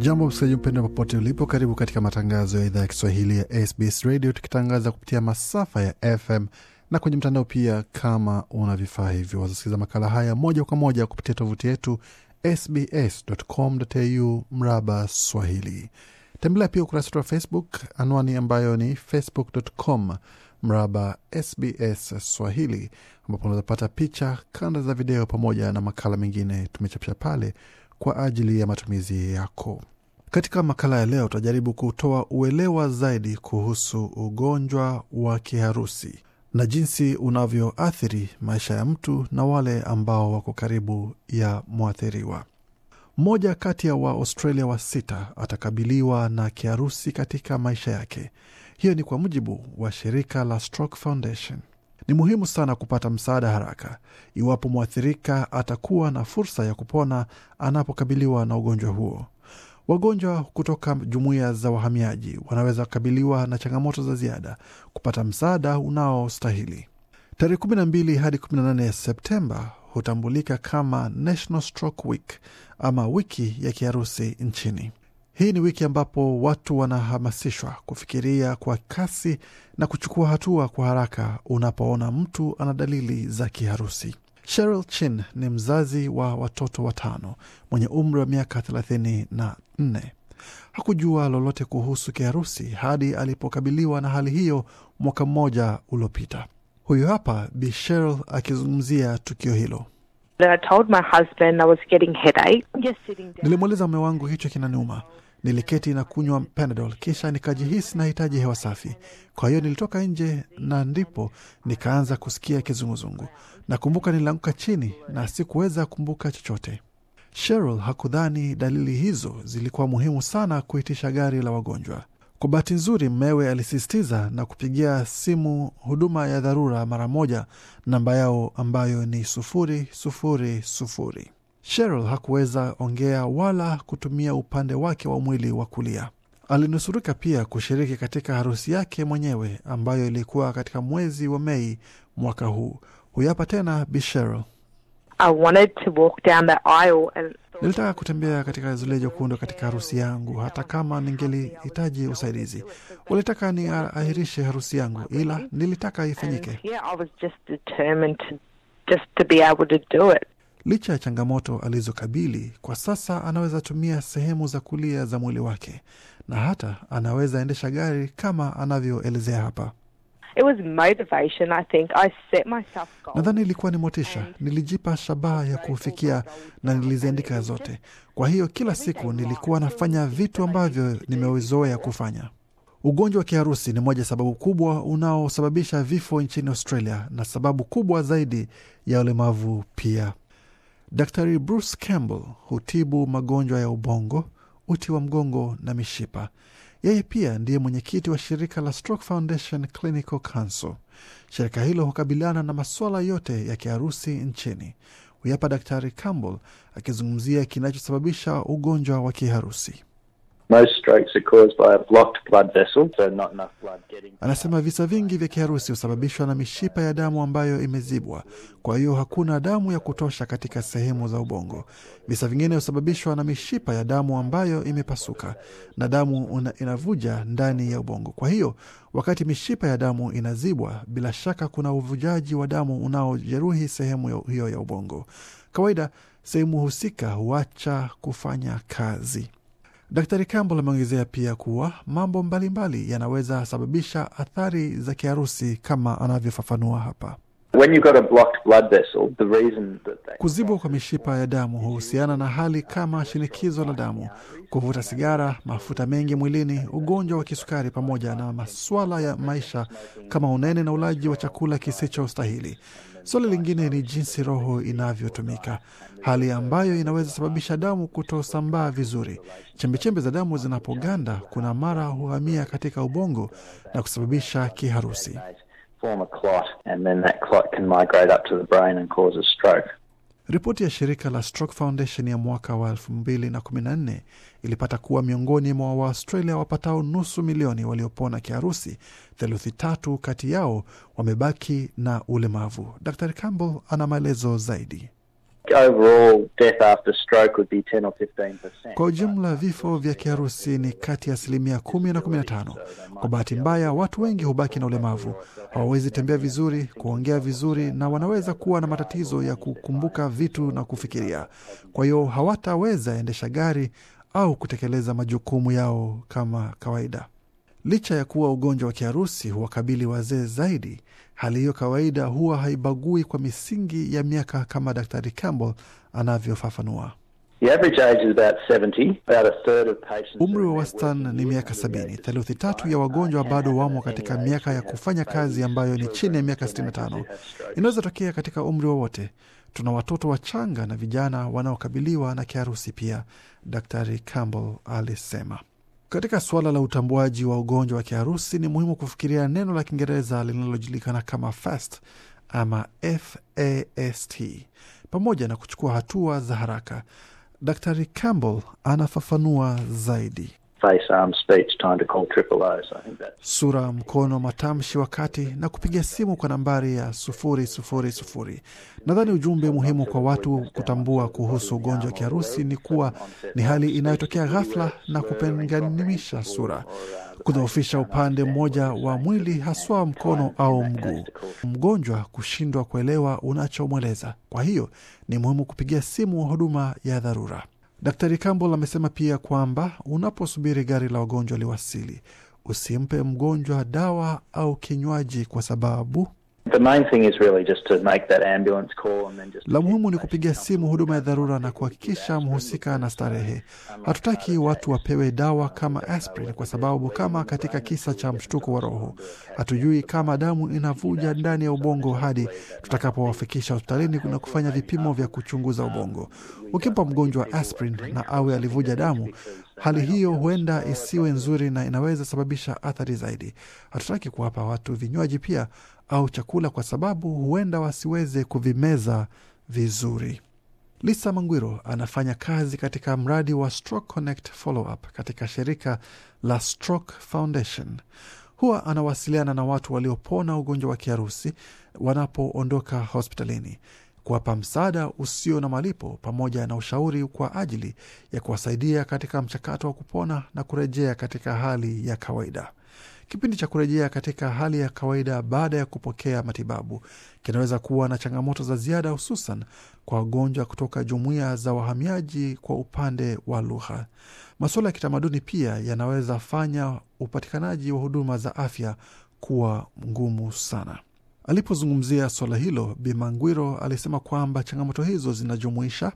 Jambo msikilizaji mpendwa, popote ulipo, karibu katika matangazo ya idhaa ya Kiswahili ya SBS Radio, tukitangaza kupitia masafa ya FM na kwenye mtandao pia. Kama una vifaa hivyo, wazasikiliza makala haya moja kwa moja kupitia tovuti yetu sbs.com.au mraba swahili. Tembelea pia ukurasa wetu wa Facebook, anwani ambayo ni facebook.com mraba SBS Swahili, ambapo unaweza pata picha, kanda za video pamoja na makala mengine tumechapisha pale kwa ajili ya matumizi yako. Katika makala ya leo tutajaribu kutoa uelewa zaidi kuhusu ugonjwa wa kiharusi na jinsi unavyoathiri maisha ya mtu na wale ambao wako karibu ya mwathiriwa. Mmoja kati ya Waaustralia wa sita atakabiliwa na kiharusi katika maisha yake. Hiyo ni kwa mujibu wa shirika la Stroke Foundation. Ni muhimu sana kupata msaada haraka iwapo mwathirika atakuwa na fursa ya kupona anapokabiliwa na ugonjwa huo. Wagonjwa kutoka jumuiya za wahamiaji wanaweza kukabiliwa na changamoto za ziada kupata msaada unaostahili. Tarehe 12 hadi 18 Septemba hutambulika kama National Stroke Week ama wiki ya kiharusi nchini. Hii ni wiki ambapo watu wanahamasishwa kufikiria kwa kasi na kuchukua hatua kwa haraka unapoona mtu ana dalili za kiharusi. Cheryl Chin ni mzazi wa watoto watano mwenye umri wa miaka thelathini na nne. Hakujua lolote kuhusu kiharusi hadi alipokabiliwa na hali hiyo mwaka mmoja uliopita. Huyu hapa Bi Cheryl akizungumzia tukio hilo. Nilimweleza mume wangu hicho kinaniuma Niliketi na kunywa Panadol, kisha nikajihisi nahitaji hewa safi. Kwa hiyo nilitoka nje na ndipo nikaanza kusikia kizunguzungu. Nakumbuka nilianguka chini na sikuweza kumbuka chochote. Cheryl hakudhani dalili hizo zilikuwa muhimu sana kuitisha gari la wagonjwa. Kwa bahati nzuri, mmewe alisisitiza na kupigia simu huduma ya dharura mara moja, namba yao ambayo ni sufuri sufuri sufuri. Cheryl hakuweza ongea wala kutumia upande wake wa mwili wa kulia. Alinusurika pia kushiriki katika harusi yake mwenyewe ambayo ilikuwa katika mwezi wa Mei mwaka huu. Huyapa tena Bi Cheryl. Nilitaka kutembea katika zulia jekundu katika harusi yangu, hata kama ningelihitaji usaidizi. Walitaka niahirishe harusi yangu, ila nilitaka ifanyike. Licha ya changamoto alizokabili kwa sasa, anaweza tumia sehemu za kulia za mwili wake na hata anaweza endesha gari kama anavyoelezea hapa. Nadhani ilikuwa ni motisha. Nilijipa shabaha ya kufikia na niliziandika zote. Kwa hiyo kila siku nilikuwa nafanya vitu ambavyo nimezoea kufanya. Ugonjwa wa kiharusi ni moja sababu kubwa unaosababisha vifo nchini Australia na sababu kubwa zaidi ya ulemavu pia. Daktari Bruce Campbell hutibu magonjwa ya ubongo, uti wa mgongo na mishipa. Yeye pia ndiye mwenyekiti wa shirika la Stroke Foundation Clinical Council. Shirika hilo hukabiliana na masuala yote ya kiharusi nchini. Huyapa Daktari Campbell akizungumzia kinachosababisha ugonjwa wa kiharusi. Anasema visa vingi vya kiharusi husababishwa na mishipa ya damu ambayo imezibwa, kwa hiyo hakuna damu ya kutosha katika sehemu za ubongo. Visa vingine husababishwa na mishipa ya damu ambayo imepasuka na damu una, inavuja ndani ya ubongo. Kwa hiyo wakati mishipa ya damu inazibwa, bila shaka kuna uvujaji wa damu unaojeruhi sehemu hiyo ya ubongo. Kawaida sehemu husika huacha kufanya kazi. Daktari Campbell ameongezea pia kuwa mambo mbalimbali yanaweza sababisha athari za kiharusi kama anavyofafanua hapa. Kuzibwa kwa mishipa ya damu huhusiana na hali kama shinikizo la damu, kuvuta sigara, mafuta mengi mwilini, ugonjwa wa kisukari, pamoja na masuala ya maisha kama unene na ulaji wa chakula kisicho stahili Swali lingine ni jinsi roho inavyotumika, hali ambayo inaweza sababisha damu kutosambaa vizuri. Chembechembe za damu zinapoganda, kuna mara huhamia katika ubongo na kusababisha kiharusi form a clot and then that clot can migrate up to the brain and cause a stroke. Ripoti ya shirika la Stroke Foundation ya mwaka wa 2014 ilipata kuwa miongoni mwa Waaustralia wapatao nusu milioni waliopona kiharusi, theluthi tatu kati yao wamebaki na ulemavu. Dr Campbell ana maelezo zaidi. Overall, death after stroke would be 10 or 15%. Kwa ujumla vifo vya kiharusi ni kati ya asilimia kumi na kumi na tano. Kwa bahati mbaya, watu wengi hubaki na ulemavu, hawawezi tembea vizuri, kuongea vizuri, na wanaweza kuwa na matatizo ya kukumbuka vitu na kufikiria. Kwa hiyo hawataweza endesha gari au kutekeleza majukumu yao kama kawaida. Licha ya kuwa ugonjwa wa kiharusi huwakabili wazee zaidi, hali hiyo kawaida huwa haibagui kwa misingi ya miaka, kama Daktari Campbell anavyofafanua. Umri wa wastani ni miaka sabini. Theluthi tatu ya wagonjwa bado wamo katika miaka ya kufanya kazi ambayo ni chini ya miaka 65. Inaweza tokea katika umri wowote. Tuna watoto wachanga na vijana wanaokabiliwa na kiharusi pia, Daktari Campbell alisema. Katika suala la utambuaji wa ugonjwa wa kiharusi ni muhimu kufikiria neno la Kiingereza linalojulikana kama FAST ama FAST pamoja na kuchukua hatua za haraka. dr Campbell anafafanua zaidi face speech, time to call triple O. So I think that... Sura, mkono, matamshi wakati na kupiga simu kwa nambari ya sufuri sufuri sufuri. Nadhani ujumbe muhimu kwa watu kutambua kuhusu ugonjwa wa kiharusi ni kuwa ni hali inayotokea ghafla na kupenganisha sura, kudhoofisha upande mmoja wa mwili, haswa mkono au mguu, mgonjwa kushindwa kuelewa unachomweleza. Kwa hiyo ni muhimu kupigia simu huduma ya dharura. Daktari Campbell amesema pia kwamba unaposubiri gari la wagonjwa liwasili, usimpe mgonjwa dawa au kinywaji kwa sababu la muhimu ni kupiga simu huduma ya dharura na kuhakikisha mhusika na starehe. Um, Hatutaki watu wapewe dawa kama aspirin, kwa sababu kama katika kisa cha mshtuko wa roho, hatujui kama damu inavuja ndani ya ubongo hadi tutakapowafikisha hospitalini na kufanya vipimo vya kuchunguza ubongo. Ukimpa mgonjwa aspirin na awe alivuja damu, hali hiyo huenda isiwe nzuri na inaweza sababisha athari zaidi. Hatutaki kuwapa watu vinywaji pia au chakula, kwa sababu huenda wasiweze kuvimeza vizuri. Lisa Mangwiro anafanya kazi katika mradi wa Stroke Connect Follow Up katika shirika la Stroke Foundation. Huwa anawasiliana na watu waliopona ugonjwa wa kiharusi wanapoondoka hospitalini, kuwapa msaada usio na malipo pamoja na ushauri kwa ajili ya kuwasaidia katika mchakato wa kupona na kurejea katika hali ya kawaida. Kipindi cha kurejea katika hali ya kawaida baada ya kupokea matibabu kinaweza kuwa na changamoto za ziada, hususan kwa wagonjwa kutoka jumuiya za wahamiaji. Kwa upande wa lugha, masuala ya kitamaduni pia yanaweza fanya upatikanaji wa huduma za afya kuwa ngumu sana. Alipozungumzia swala hilo, Bimangwiro alisema kwamba changamoto hizo zinajumuisha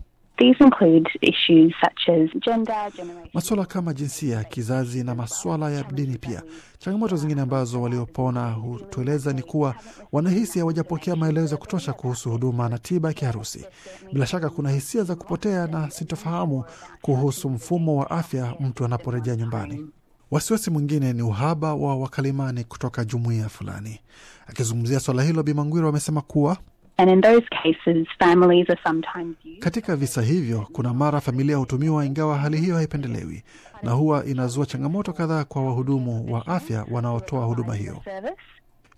Maswala kama jinsia, kizazi na maswala ya dini. Pia changamoto zingine ambazo waliopona hutueleza ni kuwa wanahisi hawajapokea maelezo ya kutosha kuhusu huduma na tiba ya kiharusi. Bila shaka, kuna hisia za kupotea na sintofahamu kuhusu mfumo wa afya mtu anaporejea nyumbani. Wasiwasi mwingine ni uhaba wa wakalimani kutoka jumuiya fulani. Akizungumzia swala hilo, Bimangwiro amesema kuwa And in those cases, families are sometimes used. Katika visa hivyo kuna mara familia hutumiwa, ingawa hali hiyo haipendelewi na huwa inazua changamoto kadhaa kwa wahudumu wa afya wanaotoa huduma hiyo.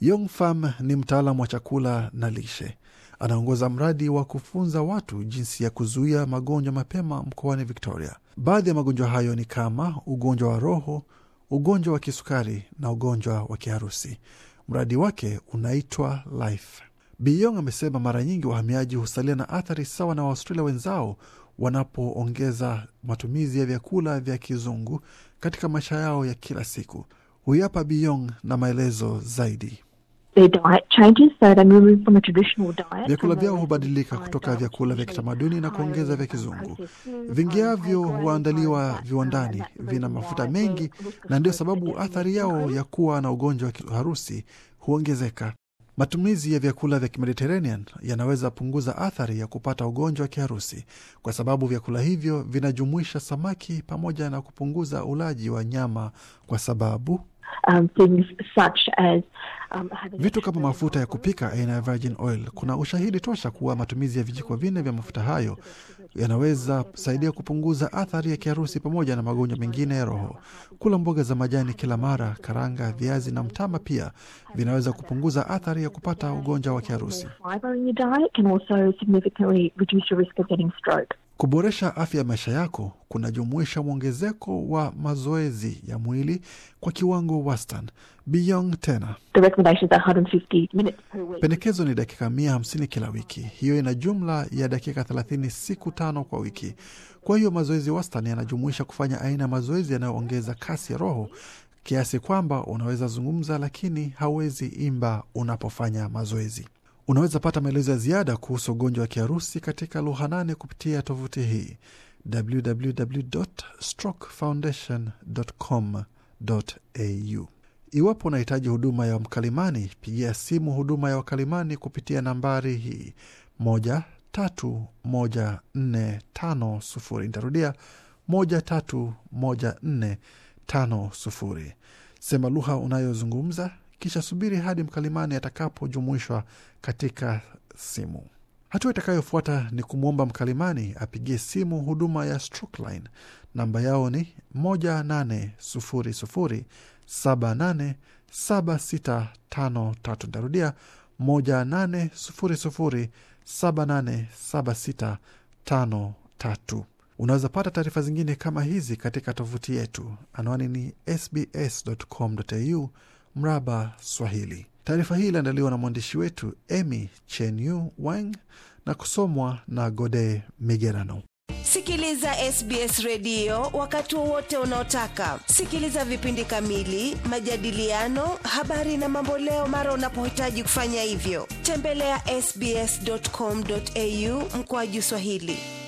Young Farm ni mtaalamu wa chakula na lishe, anaongoza mradi wa kufunza watu jinsi ya kuzuia magonjwa mapema mkoani Victoria. Baadhi ya magonjwa hayo ni kama ugonjwa wa roho, ugonjwa wa kisukari na ugonjwa wa kiharusi. Mradi wake unaitwa Life Biyong amesema mara nyingi wahamiaji husalia na athari sawa na Waaustralia wenzao wanapoongeza matumizi ya vyakula vya kizungu katika maisha yao ya kila siku. Huyu hapa Biyong na maelezo zaidi. Vyakula vyao hubadilika kutoka vyakula vya kitamaduni na kuongeza vya kizungu. Vingiavyo huandaliwa viwandani, vina mafuta mengi, na ndio sababu athari yao ya kuwa na ugonjwa wa kiharusi huongezeka. Matumizi ya vyakula vya Kimediterranean yanaweza punguza athari ya kupata ugonjwa wa kiharusi kwa sababu vyakula hivyo vinajumuisha samaki pamoja na kupunguza ulaji wa nyama kwa sababu um, things such as um, vitu kama mafuta ya kupika aina ya virgin oil. Kuna ushahidi tosha kuwa matumizi ya vijiko vinne vya mafuta hayo yanaweza saidia kupunguza athari ya kiharusi pamoja na magonjwa mengine ya roho. Kula mboga za majani kila mara, karanga, viazi na mtama pia vinaweza kupunguza athari ya kupata ugonjwa wa kiharusi. Kuboresha afya ya maisha yako kunajumuisha mwongezeko wa mazoezi ya mwili kwa kiwango wastan Beyond tena, pendekezo ni dakika mia hamsini kila wiki. Hiyo ina jumla ya dakika thelathini siku tano kwa wiki. Kwa hiyo mazoezi wastan yanajumuisha kufanya aina ya mazoezi yanayoongeza kasi ya roho kiasi kwamba unaweza zungumza lakini hauwezi imba unapofanya mazoezi. Unaweza pata maelezo ya ziada kuhusu ugonjwa wa kiharusi katika lugha nane kupitia tovuti hii www.strokefoundation.com.au. Iwapo unahitaji huduma ya mkalimani, pigia simu huduma ya wakalimani kupitia nambari hii moja tatu moja nne tano sufuri. Nitarudia moja tatu moja nne tano sufuri. Sema lugha unayozungumza kisha subiri hadi mkalimani atakapojumuishwa katika simu. Hatua itakayofuata ni kumwomba mkalimani apigie simu huduma ya Struckline. Namba yao ni 1800787653. Nitarudia 1800787653. Unaweza pata taarifa zingine kama hizi katika tovuti yetu, anwani ni sbs.com.au Mraba Swahili. Taarifa hii iliandaliwa na mwandishi wetu Emy Chenyu Wang na kusomwa na Gode Migerano. Sikiliza SBS redio wakati wowote unaotaka. Sikiliza vipindi kamili, majadiliano, habari na mamboleo mara unapohitaji kufanya hivyo. Tembelea ya sbs.com.au mkoaju Swahili.